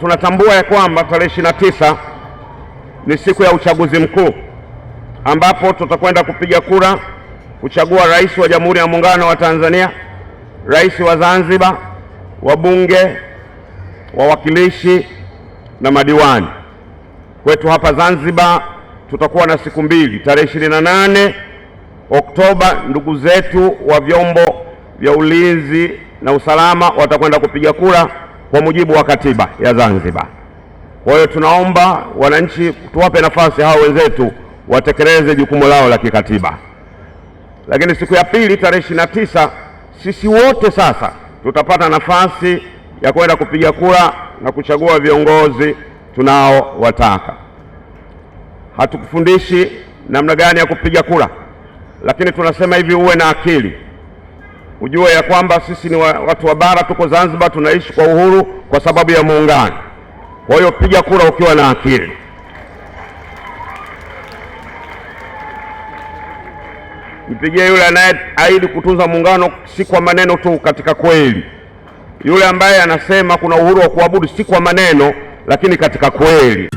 Tunatambua ya kwamba tarehe tisa ni siku ya uchaguzi mkuu ambapo tutakwenda kupiga kura kuchagua rais wa Jamhuri ya Muungano wa Tanzania, rais wa Zanzibar, wabunge, wawakilishi na madiwani. Kwetu hapa Zanzibar tutakuwa na siku mbili, tarehe nane Oktoba, ndugu zetu wa vyombo vya ulinzi na usalama watakwenda kupiga kura kwa mujibu wa katiba ya Zanzibar. Kwa hiyo tunaomba wananchi, tuwape nafasi hao wenzetu watekeleze jukumu lao la kikatiba. Lakini siku ya pili tarehe ishirini na tisa sisi wote sasa tutapata nafasi ya kwenda kupiga kura na kuchagua viongozi tunaowataka. Hatukufundishi namna gani ya kupiga kura, lakini tunasema hivi, uwe na akili ujue ya kwamba sisi ni watu wa bara, tuko Zanzibar, tunaishi kwa uhuru kwa sababu ya muungano. Kwa hiyo piga kura ukiwa na akili. Mpigie yule anayeahidi kutunza muungano, si kwa maneno tu, katika kweli. Yule ambaye anasema kuna uhuru wa kuabudu, si kwa maneno, lakini katika kweli.